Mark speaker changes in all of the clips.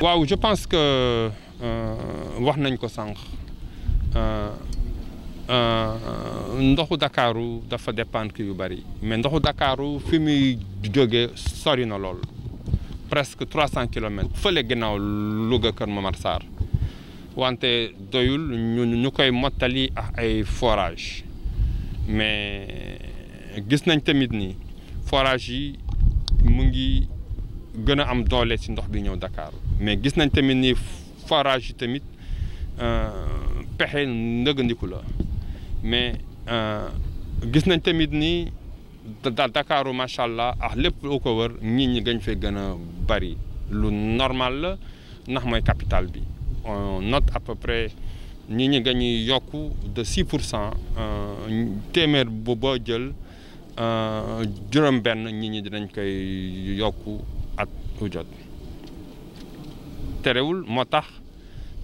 Speaker 1: waaw je pense que euh, wax nañ ko sànq euh, euh, ndoxu dakaaru dafa dépendre ki yu bëri mais ndoxu dakaaru fi muy jógee sori na lool presque trois cent kilomètres fële ginnaaw Louga Kër Momar Sarr wante doyul ñu ñu koy mottali ak ay forage mais gis nañ tamit ni forage yi mu ngi gën a am doole si ndox bi ñëw dakaar mais gis nañ tamit ni forage yi tamit euh, pexe ndëgandiku la mais euh, gis nañ tamit ni Dakaaru macha allah ah lépp lu ko wër nit ñi gañ fee gën a bari lu normal la ndax mooy capital bi on note peu près nit ñi gañuy yokku de 6 pour cent euh, téeméer bu boo jël juróom-benn nit ñi dinañ koy yokku. wu jot terewul moo tax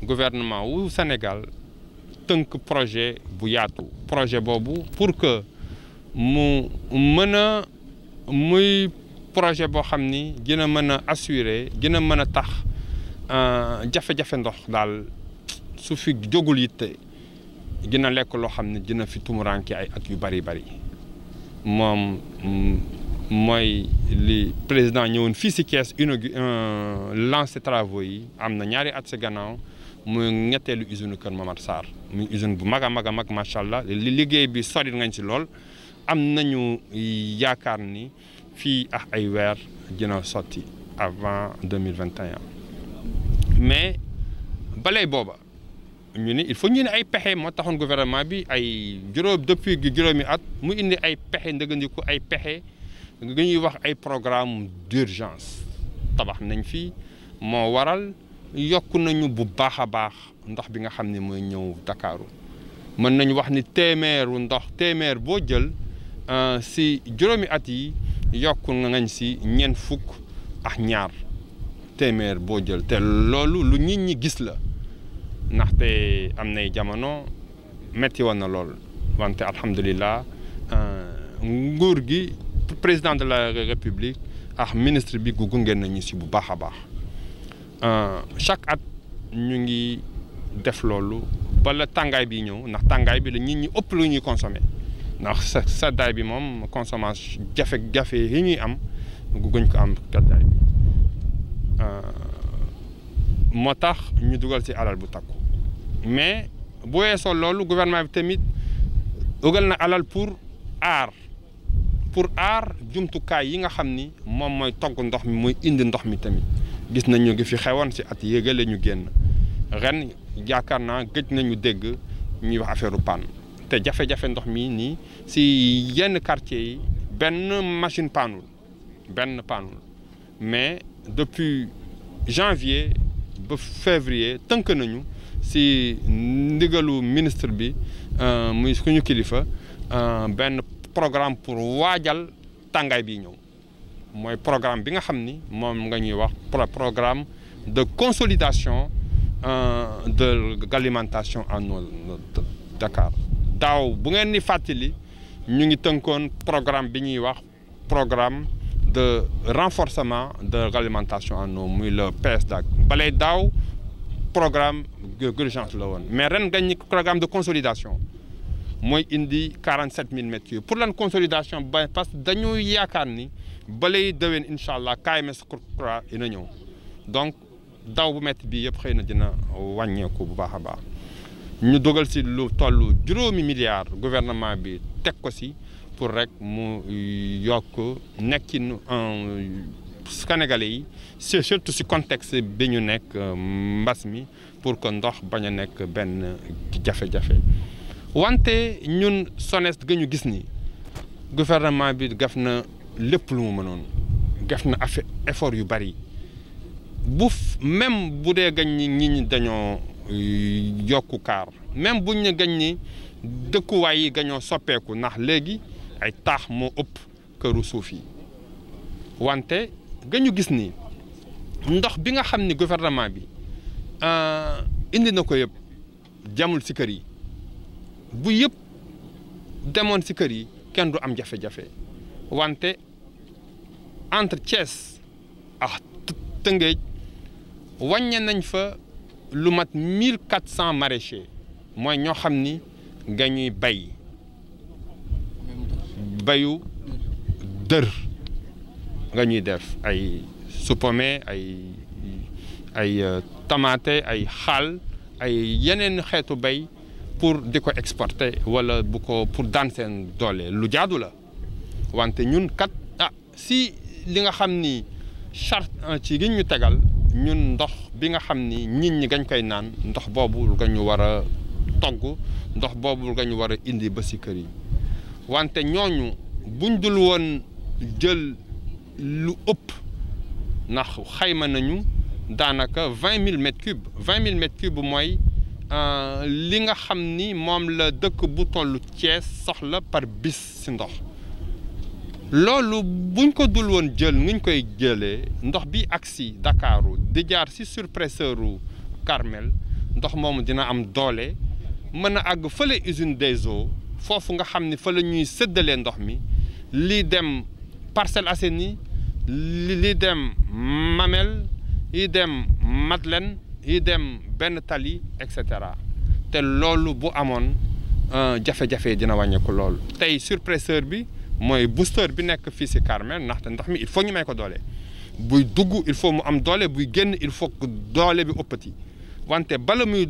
Speaker 1: gouvernement wu Sénégal tënk projet bu yaatu projet boobu pour que mu mën a muy projet boo xam ni dina mën a assurer dina mën a tax euh, jafe-jafe ndox daal su fi jógul yitte dina lekk loo xam ne dina fi tumuranke ay at yu bari bari moom mm, mooy li président ñëwoon fii si Thiès inauguré euh, lancé travaux yi am na ñaari at si gannaaw muy ñetteelu usine Kër Momar Sarr muy usine bu mag a mag a macha allah li liggéey bi sori ngañ si lool am nañu yaakaar ni fii ah ay weer dina sotti avant deux mille vingt et mais balay booba ñu ni il faut ñu ne ay pexe moo taxoon gouvernement bi ay juróom depuis juróomi at mu indi ay pexe ko ay pexe. nga ñuy wax ay programme d'urgence tabax nañ fi moo waral yokk nañu bu baax a baax ndox bi nga xam ni mooy ñëw Ndakaaru mën nañu wax ni téeméeru ndox téeméer boo jël euh, si juróomi at yi yokk nañ si ñeent fukk ak ñaar téeméer boo jël te loolu lu nit ñi gis la ndaxte am nay jamono metti woon na lool wante alhamdulilah euh, nguur gi président de la république ak ministre bi gu gunge nañu si bu baax a baax euh, chaque at ñu ngi def loolu bala tàngaay bi ñëw ndax tàngaay bi la nit ñi ëpp lu ñuy consommer ndax sa saddaay bi moom consommation jafe-jafe yi ñuy am guñ ko am kaddaay bi euh, moo tax ñu dugal si alal bu takku mais boo weesoo loolu gouvernement bi tamit dugal na alal pour aar pour aar jumtukaay yi nga xam ni moom mooy togg ndox mi muy indi ndox mi tamit gis nañ ñu ngi fi xewoon si at yéegale ñu génn ren yaakaar naa gëj nañu dégg ñuy wax affaire panne te jafe-jafe ndox mi nii si yenn quartier yi benn machine paanul benn paanul mais depuis janvier ba février tënk nañu si ndigalu ministre bi euh, muy suñu kilifa euh, benn programme pour waajal tàngaay bi ñëw mooy programme bi nga xam ni moom nga ñuy wax programme de consolidation euh, de alimentation en eau daaw bu ngeen ni fàttali ñu ngi tënkoon programme bi ñuy wax programme de renforcement de l'alimentation en eau muy le PSDAC balay daaw programme d'urgence la woon mais ren nga ñi programme de consolidation mooy indi 47000 mètres yooyu pour lan consolidation ba parce que dañu yaakaar ni balay déwén incha allah KMS Croix dina ñëw donc daw bu métti bi yëpp xëy na dina wàññeeku bu baax a baax ñu dogal si lu toll juróomi milliards gouvernement bi teg ko si pour rek mu yokk nekkin euh, Sénégalais yi c'est surtout si contexte bi ñu nekk euh, mbas mi pour que ndox bañ a nekk benn jafe-jafe. wante ñun SONES ga ñu gis ni gouvernement bi gaf na lépp lu mu mënoon gaf na affaire effort yu bari bu même bu dee gañ ñi ñi ñi dañoo euh, yokku kaar même buñ ne gañ ñi dëkkuwaay yi gañoo soppeeku ndax léegi ay taax moo ëpp këru suuf yi wante gañu gis ni ndox bi nga xam ni gouvernement bi euh, indi na ko yëpp jamul ci kër yi bu yëpp demoon si kër yi kenn du am jafe-jafe wante entre Thiès ak Tëngéej wàññe nañ fa lu mat mille quatre cent maraîchers mooy ñoo xam ni nga ñuy bay bayu dër nga ñuy def ay supome ay ay tamaate ay xaal ay yeneen xeetu bay pour di ko exporter wala bu ko pour daan seen doole lu jaadu la wante ñun kat ah si li nga xam ni charte ah, ci gi ñu tegal ñun ndox bi nga xam ni nit ñi gañ koy naan ndox boobu nga ñu war a togg ndox boobu nga ñu war a indi ba si kër yi wante ñooñu buñ dul woon jël lu ëpp ndax xayma nañu daanaka vingt mille mètres cubes vingt mille mooy. Euh, li nga xam ni moom la dëkk bu tollu Thiès soxla par bis ci ndox loolu buñ ko dul woon jël nuñ koy jëlee ndox bi ak si Dakaaru di jaar ci surpresseuru Carmel ndox moomu dina am doole mën a àgg fële usine des eaux foofu nga xam ni fa lañuy ñuy séddalee ndox mi lii dem Parcelles Assainies lii dem mamel lii dem Madeleine yi dem benn tali et cetera te loolu bu amoon euh, jafe-jafe dina wàññeeku loolu tey surpresseur bi mooy booster bi nekk fii si Carmel ndaxte ndox mi il faut ñu may ko doole buy dugg il faut mu am doole buy génn il faut doole bi oppati wante bala muy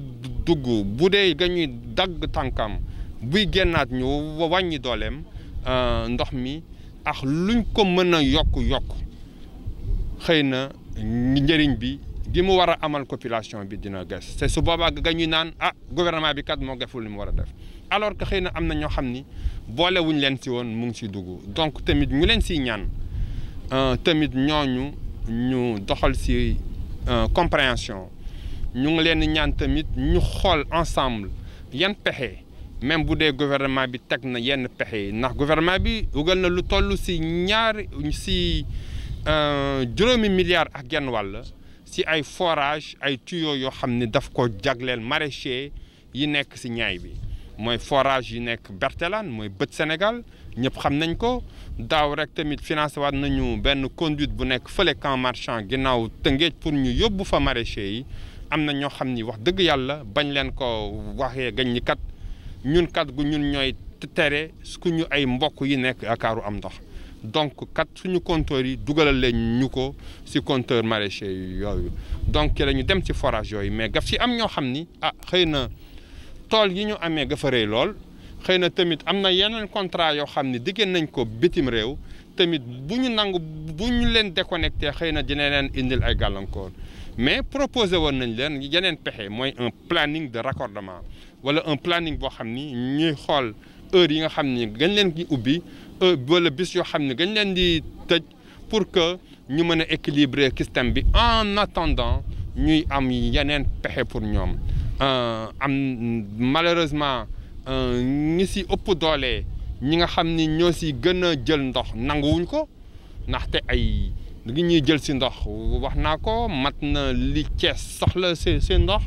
Speaker 1: dugg bu dee ga ñuy dagg tànkam buy génnaat ñu wàññi dooleem euh, ndox mi ak luñ ko mën a yokk yokk xëy na njëriñ bi gi mu war a amal population bi dina ges su boobaa ga ñuy naan a ah, gouvernement bi kat moo geful li mu war a def alors que xëy na am na ñoo xam ni boole wuñ leen si woon mu ngi si dugg donc tamit ñu leen si ñaan euh, tamit ñooñu ñu doxal si euh, compréhension ñu ngi leen ñaan tamit ñu xool ensemble yan pexe même bu dee gouvernement bi teg na yenn pexe yi ndax gouvernement bi ugal na lu toll si ñaari si euh, juróomi milliards ak genn wàll ci ay forage ay tuyaux yoo xam ne daf ko jagleel maraîcher yi nekk si ñaay bi mooy forage yi nekk Bertelan mooy bët Sénégal ñëpp xam nañ ko daaw rek tamit financé waat nañu benn conduite bu nekk fële camp marchand ginnaaw Tëngéej pour ñu yóbbu fa maraîcher yi am na ñoo xam ni wax dëgg yàlla bañ leen ko waxee gaññikat ñi ñun kat gu ñun ñooy tere ku ñu ay mbokk yi nekk akaaru am ndox donc kat suñu compteurs yi dugalal leen ñu ko si compteur maraîcher yooyu donc la ñu dem ci forage yooyu mais gaf si am ñoo xam ni ah xëy na tool yi ñu amee gafa rëy lool xëy na tamit am na yeneen contrat yoo xam ne diggéen nañ ko bitim réew tamit bu ñu nangu bu ñu leen déconnecté xëy na dina leen indil ay gàllankoor mais proposé woon nañ leen yeneen pexe mooy un planning de raccordement wala un planning boo xam ni ñuy xool heure yi nga xam ni gañ leen gi ubbi wala bis yoo xam ne dañ leen di tëj pour que ñu mën a équilibrer système bi en attendant ñuy am yeneen pexe pour ñoom euh, am malheureusement ngi euh, si ëpp doole ñi nga xam ni ñoo si gën a jël ndox nanguwuñ ko ndaxte ay li ñuy jël si ndox wax naa ko mat na li Cees soxla si si ndox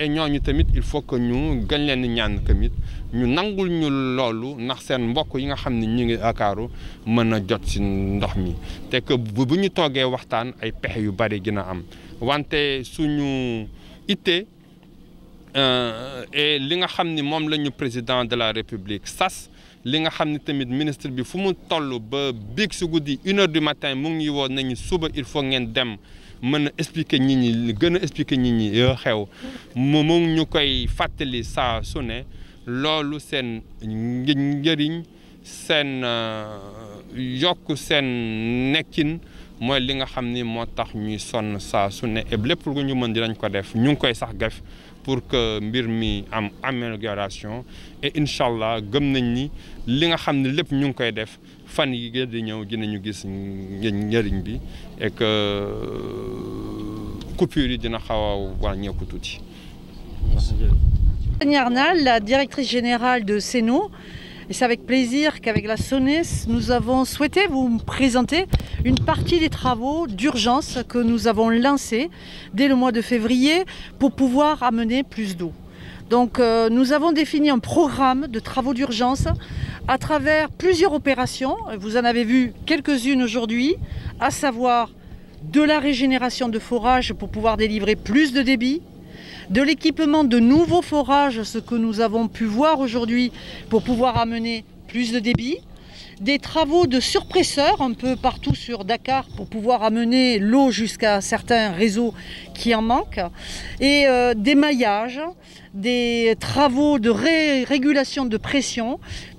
Speaker 1: et ñooñu tamit il faut que ñu gën leen ñaan tamit ñu nangul ñu loolu ndax seen mbokk yi nga xam ne ñu ngi akaaru mën a jot ci ndox mi te que bu ñu toogee waxtaan ay pexe yu bari dina am wante suñu ittee e euh, li nga xam ni moom la ñu président de la république sas li nga xam ni tamit ministre bi fu mu toll ba biig si guddi une heure du matin mu ngi woon nañu suba il faut ngeen dem mën a expliquer nit ñi gën a expliquer nit ñi yoo xew mu mu ñu koy fàttali saa su ne loolu seen njëriñ seen euh, yokk seen nekkin mooy li nga xam ni moo tax ñuy sonn saa su ne et lépp lu ñu mën dinañ ko def ñu ngi koy sax gaf pour que mbir mi am amélioration et incha allah gëm nañ ni li nga xam ne lépp ñu ngi koy def fan yi gën di ñëw dinañu gis njëriñ bi et que euh, coupure yi dina xaw
Speaker 2: Arnal, la directrice générale de Seno. Et c'est avec plaisir qu'avec la SONES, nous avons souhaité vous présenter une partie des travaux d'urgence que nous avons lancés dès le mois de février pour pouvoir amener plus d'eau. Donc euh, nous avons défini un programme de travaux d'urgence à travers plusieurs opérations, vous en avez vu quelques-unes aujourd'hui, à savoir de la régénération de forages pour pouvoir délivrer plus de débit, de l'équipement de nouveaux forages, ce que nous avons pu voir aujourd'hui pour pouvoir amener plus de débit, des travaux de surpresseurs un peu partout sur Dakar pour pouvoir amener l'eau jusqu'à certains réseaux qui en manquent, et euh, des maillages, des travaux de régulation de pression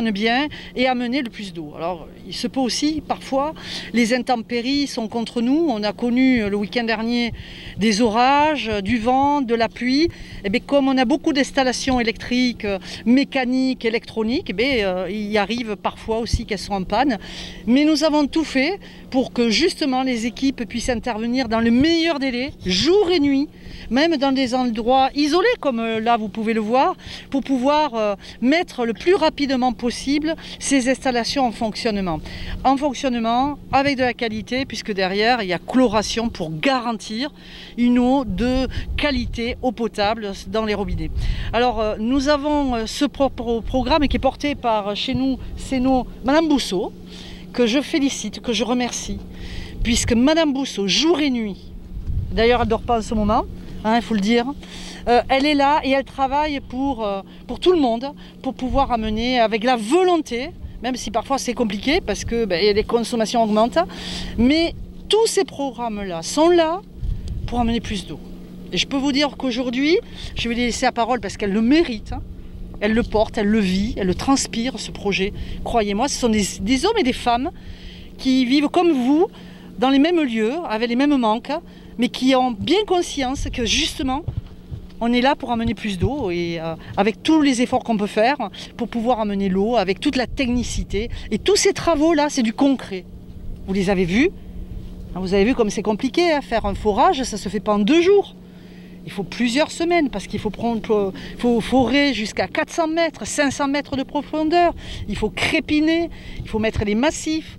Speaker 2: fonctionne bien et amener il se peut aussi, parfois, les intempéries sont contre nous. On a connu euh, le week-end dernier des orages, euh, du vent, de la pluie. Et eh bien, comme on a beaucoup d'installations électriques, euh, mécaniques, électroniques, et eh bien, arrive parfois aussi qu'elles sont en panne. Mais nous avons tout fait pour que justement les équipes puissent intervenir dans le meilleur délai, jour et nuit, même dans des endroits isolés comme là vous pouvez le voir, pour pouvoir mettre le plus rapidement possible ces installations en fonctionnement. En fonctionnement avec de la qualité, puisque derrière, il y a chloration pour garantir une eau de qualité, eau potable dans les robinets. Alors, euh, nous avons euh, ce programme qui est porté par euh, chez nous, c'est nous, Madame Bousseau, que je félicite, que je remercie, puisque Madame Bousseau, jour et nuit, d'ailleurs en ce moment, il hein, faut le dire. Euh, elle est là et elle travaille euh, pour, tout le monde, pour pouvoir amener avec la volonté, même si parfois c'est compliqué parce que ben, les consommations augmentent, mais tous ces programmes-là sont là pour amener plus d'eau. Et je peux vous dire qu'aujourd'hui, je vais laisser la parole parce qu'elle le mérite. Elle le porte, elle le vit, elle le transpire, ce projet. Croyez-moi, ce sont des, hommes et des femmes qui vivent comme vous, dans mais qui ont bien conscience que justement, on est là pour amener plus d'eau et euh, avec tous les efforts qu'on peut faire pour pouvoir amener l'eau, avec toute la technicité. Et tous ces travaux-là, c'est du concret. Vous les avez vus. comme c'est compliqué faire un forage, ça se fait pas en deux jours. Il faut plusieurs semaines parce qu'il faut, prendre, faut forer jusqu'à mètres, mètres de profondeur. Il faut crépiner, il faut mettre les massifs,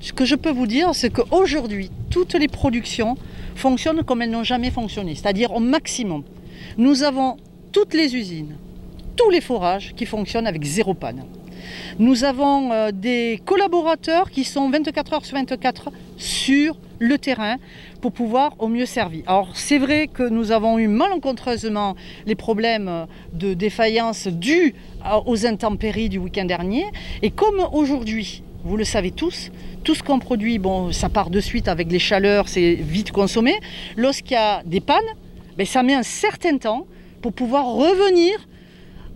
Speaker 2: Ce que je peux vous dire, c'est qu'aujourd'hui, toutes les productions fonctionnent comme elles n'ont jamais fonctionné, c'est-à-dire au maximum. Nous les usines, tous les forages qui fonctionnent avec zéro panne. Nous avons euh, des collaborateurs qui sont 24 heures sur 24 sur le terrain pour pouvoir au mieux servir. Alors c'est vrai que nous avons eu malencontreusement les problèmes euh, de défaillance dus euh, aux intempéries du week-end dernier et comme aujourd'hui vous le savez tous. Tout ce qu'on produit, bon, ça part de suite avec les chaleurs, c'est vite consommé. Lorsqu'il y a des pannes, ben, ça met un certain temps pour pouvoir revenir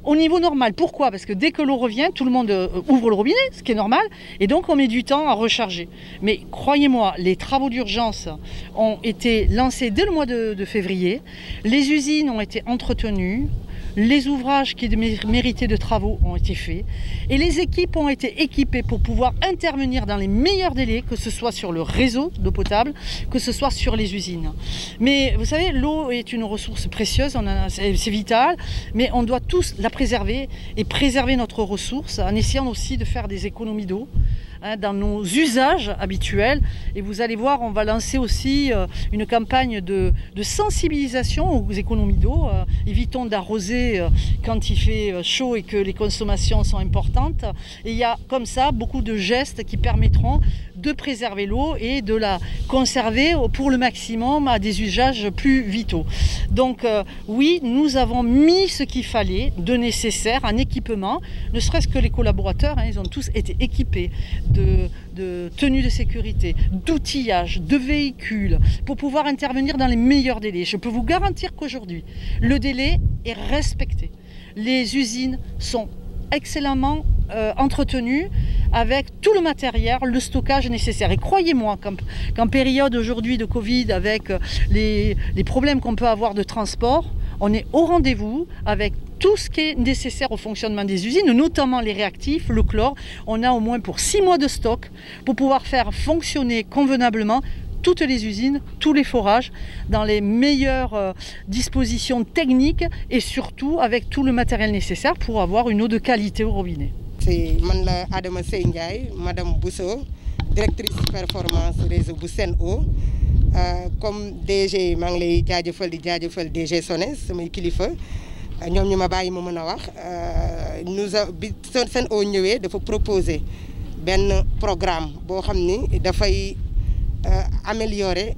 Speaker 2: au niveau normal. Pourquoi Parce que dès que l'eau revient, tout le monde euh, ouvre le robinet, ce qui est normal, et donc on met du temps à recharger. Mais croyez-moi, les travaux d'urgence ont été lancés dès le mois de, février, les usines ont été entretenues, les ouvrages qui méritaient de travaux ont été faits et les équipes ont été équipées pour pouvoir intervenir dans les meilleurs délais, que ce soit sur le réseau d'eau potable, que ce soit sur les usines. Mais vous savez, l'eau est une ressource précieuse, c'est vital, mais on doit tous la préserver et préserver notre ressource en essayant aussi de faire des économies d'eau. hein, dans nos usages habituels. Et vous allez voir, on va lancer aussi euh, une campagne de, de, sensibilisation aux économies d'eau. Euh, évitons d'arroser euh, quand il fait euh, chaud et que les consommations sont importantes. Et il y a comme ça beaucoup de gestes qui permettront de préserver l'eau et de la conserver pour le maximum à des usages plus vitaux. Donc euh, oui, nous avons mis ce qu'il fallait de nécessaire en équipement, ne serait-ce que les collaborateurs, hein, ils ont tous été équipés de, de tenues de sécurité, d'outillage, de véhicules, pour pouvoir intervenir dans les meilleurs délais. Je peux vous garantir qu'aujourd'hui, le délai est respecté. Les usines sont excellemment euh, entretenu avec tout le matériel, le stockage nécessaire. Et croyez-moi qu'en qu période aujourd'hui de Covid, avec euh, les, problèmes qu'on peut avoir de transport, on est au rendez-vous avec tout ce qui est nécessaire au fonctionnement des usines, notamment les réactifs, le chlore. On a au moins pour six mois de stock pour pouvoir faire fonctionner convenablement toutes les usines, tous les forages, dans les meilleures euh, dispositions techniques et surtout avec tout le matériel ci
Speaker 3: man la Adama Sey Ndiaye bu Bousso directrice performance réseau bu Sen'Eau euh, comme DG maa ngi lay jaajëfal di jaajëfal DG sone samay kilifa ñoom ñi ma bàyyi ma mën a wax euh, nous a bi Sen'Eau ñëwee dafa proposer benn programme boo xam ni dafay euh, améliorer.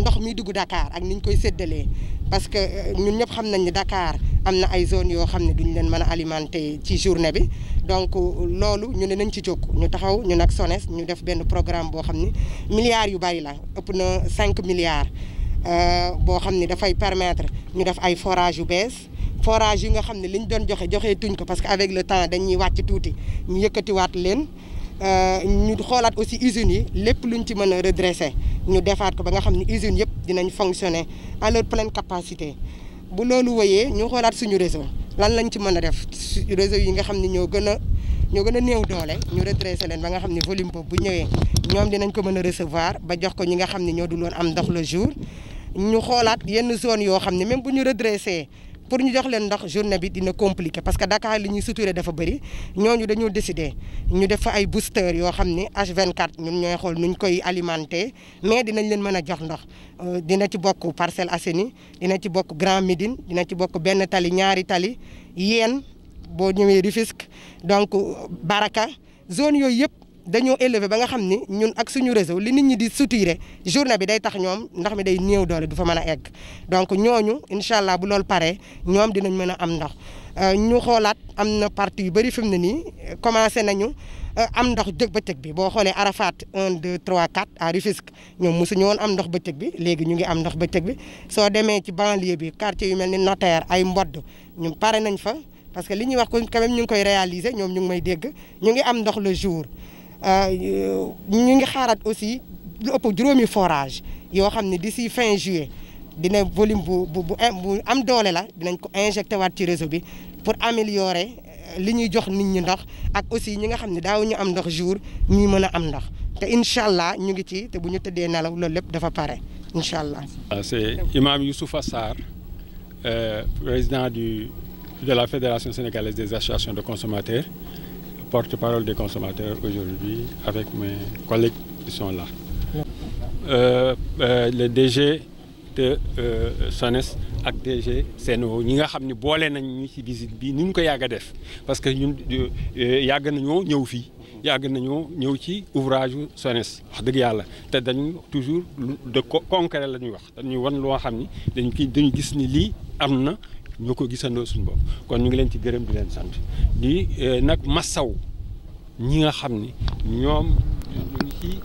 Speaker 3: ndox mi dugg Dakar ak ni ñu koy séddalee parce que euh, ñun ñëpp xam nañ ne Dakar am na ay zones yoo xam ne duñ leen mën a alimenter ci journée bi donc loolu ñu ne nañ ci jóg ñu taxaw ñu nag SONES ñu def benn programme boo xam ne milliards yu bari la ëpp na cinq milliards euh, boo xam ne dafay permettre ñu def ay forage yu bees forage yi nga xam ne li liñ doon joxe joxe tuñ ko parce que avec le temps dañuy wàcc tuuti ñu yëkkatiwaat leen Euh, ñu xoolaat aussi usines yi lépp lu luñ ci mën a redressé ñu defaat ko ba nga xam ne usines yëpp dinañ fonctionner à leur pleine capacité bu loolu woyee ñu xoolaat suñu réseau lan lañ ci mën a def réseau yi nga xam ni ñoo gën a ñoo gën a néew doole ñu redressé leen ba nga xam ni volume boobu bu ñëwee ñoom dinañ ko mën a recevoir ba jox ko ñi nga xam ni ñoo du woon am ndox le jour ñu xoolaat yenn zone yoo xam ni même bu ñu redressé pour ñu jox leen ndox journée bi dina compliqué parce que Dakar li ñuy suturé dafa bëri ñooñu dañoo décidé ñu def fa ay booster yoo xam ni H24 ñun ñooy xool nuñ koy alimenté mais dinañ leen mën a jox ndox euh, dina ci bokk parcelle Assainies dina ci bokk Grand Médine dina ci bokk benn tali ñaari tali yéen boo ñëwee Rufisque donc Baraka zone yooyu yëpp. dañoo élevé ba nga xam ni ñun ak suñu réseau li nit ñi di suturé journée bi day tax ñoom ndox mi day néew doole du fa mën a egg donc ñooñu incha allah bu loolu paree ñoom dinañ mën a am ndox euh, ñu xoolaat am na parti yu bëri fi mu ne nii commencé nañu euh, am ndox dëgg bëccëg bi boo xoolee Arafat 1 2 3 4 à Rufisque ñoom mosuñu woon am ndox bëccëg bi léegi ñu ngi am ndox bëccëg bi soo demee ci banlier bi quartier yu mel ni notaire ay mbodd ñu pare nañ fa parce que li ñuy wax quand même ñu ngi koy réaliser ñoom ñu ngi may dégg ñu ngi am ndox le jour Euh, ñu ngi xaaraat aussi lu juróomi forage yoo xam ne d'ici fin juillet dina volume bu bu bu am doole la dinañ ko injecté waat ci réseau bi pour améliorer euh, li ñuy jox nit ñi ndox ak aussi ñi nga xam ni daaw ñu am ndox jour ñuy mën a am ndox te incha allah ñu ngi ci te bu ñu tëddee nelaw loolu lépp dafa pare incha allah.
Speaker 4: Ah, c'est Imam Youssoufa Sarr euh, président du de la fédération sénégalaise des associations de consomateur porte-parole des consommateurs aujourd'hui avec mes collègues qui sont là. Euh, euh, le DG de euh, SONES ak DG Sen'Eau ñi nga xam ne boole nañ ci visite bi ni ñu ko yàgg a def parce que ñun euh, yàgg nañoo ñëw fii. yàgg nañoo ñëw ci ouvrage yu SONES wax dëgg yàlla te dañu toujours de concret la ñuy wax dañuy wan loo xam ni dañu kii dañu gis ni lii am na. ñoo ko gisandoo suñ bopp kon ñu ngi leen ci gërëm di leen sant di eh, nag massaw ñi nga xam ni ñoom ñu ngi ci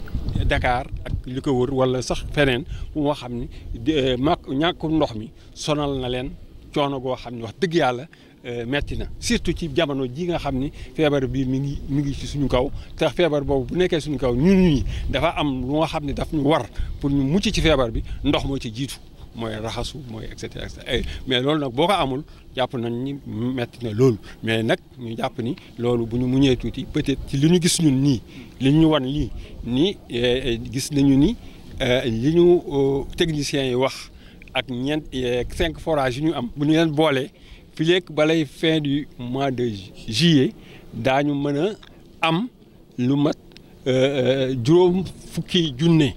Speaker 4: Dakar ak li ko wër wala sax feneen fu nga xam ni eh, mak ñàkku ndox mi sonal na leen coono goo xam ni wax dëgg yàlla eh, metti na surtout ci jamono ji nga xam ni feebar bii mi ngi mi ngi ci suñu kaw te feebar boobu bu nekkee suñu kaw ñun ñi dafa am lu nga xam ne daf ñu war pour ñu mucc ci feebar bi ndox moo ci jiitu mooy raxasu mooy et cetera eh, mais loolu nag boo ko amul jàpp nañ ni metti na loolu mais nag ñu jàpp ni loolu bu ñu muñee tuuti peut-être ci li ñu gis ñun nii li ñu wan nii nii eh, gis nañu ni eh, li ñu techniciens yi wax ak ñeent cinq forages yu ñu am bu ñu leen boolee fii balay fin du mois de juillet daañu mën a am lu mat juróom fukki junne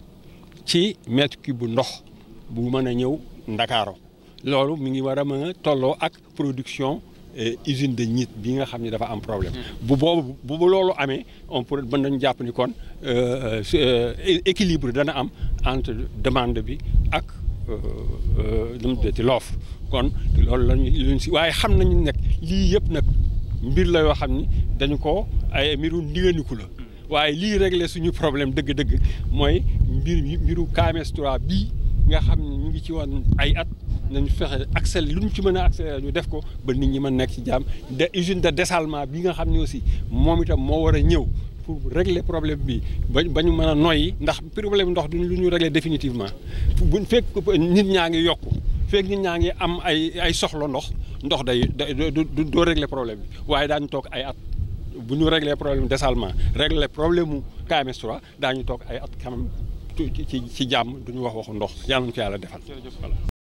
Speaker 4: ci mètre cube bu ndox bu mën a ñëw Ndakaaru loolu mi ngi war a mën tolloo ak production eh, usine de Niit bi nga xam ne dafa am problème. Hmm. bu boobu bu loolu amee on pourrait mën nañu jàpp ni kon euh, euh, équilibre dana am entre demande bi ak nu euh, mu tuddati kon loolu la ñu si waaye xam nañu nag lii yëpp nag mbir la yoo xam ni dañu ko ay mbiru ndiganiku la hmm. waaye lii régler suñu problème dëgg-dëgg mooy mbir mbiru KMS 3 bii. nga xam ne ñu ngi ci wan ay at nañu fexe accélé lu ñu ci mën a ñu def ko ba nit ñi mën nekk ci jàmm de usine de dessalement bi nga xam ne aussi moom itam moo war a ñëw pour régler problème bi ba ba ñu mën a noyyi ndax problème ndox du lu ñu régler définitivement buñ fekk nit ñaa ngi yokk fekk nit ñaa ngi am ay ay soxla ndox ndox day du doo régler problème bi waaye daañu toog ay at bu ñu régler problème dessalement régler problème mu KMS 3 daañu toog ay at quand
Speaker 2: ci ci jàmm duñu wax waxu ndox yàlla na ko yàlla defal.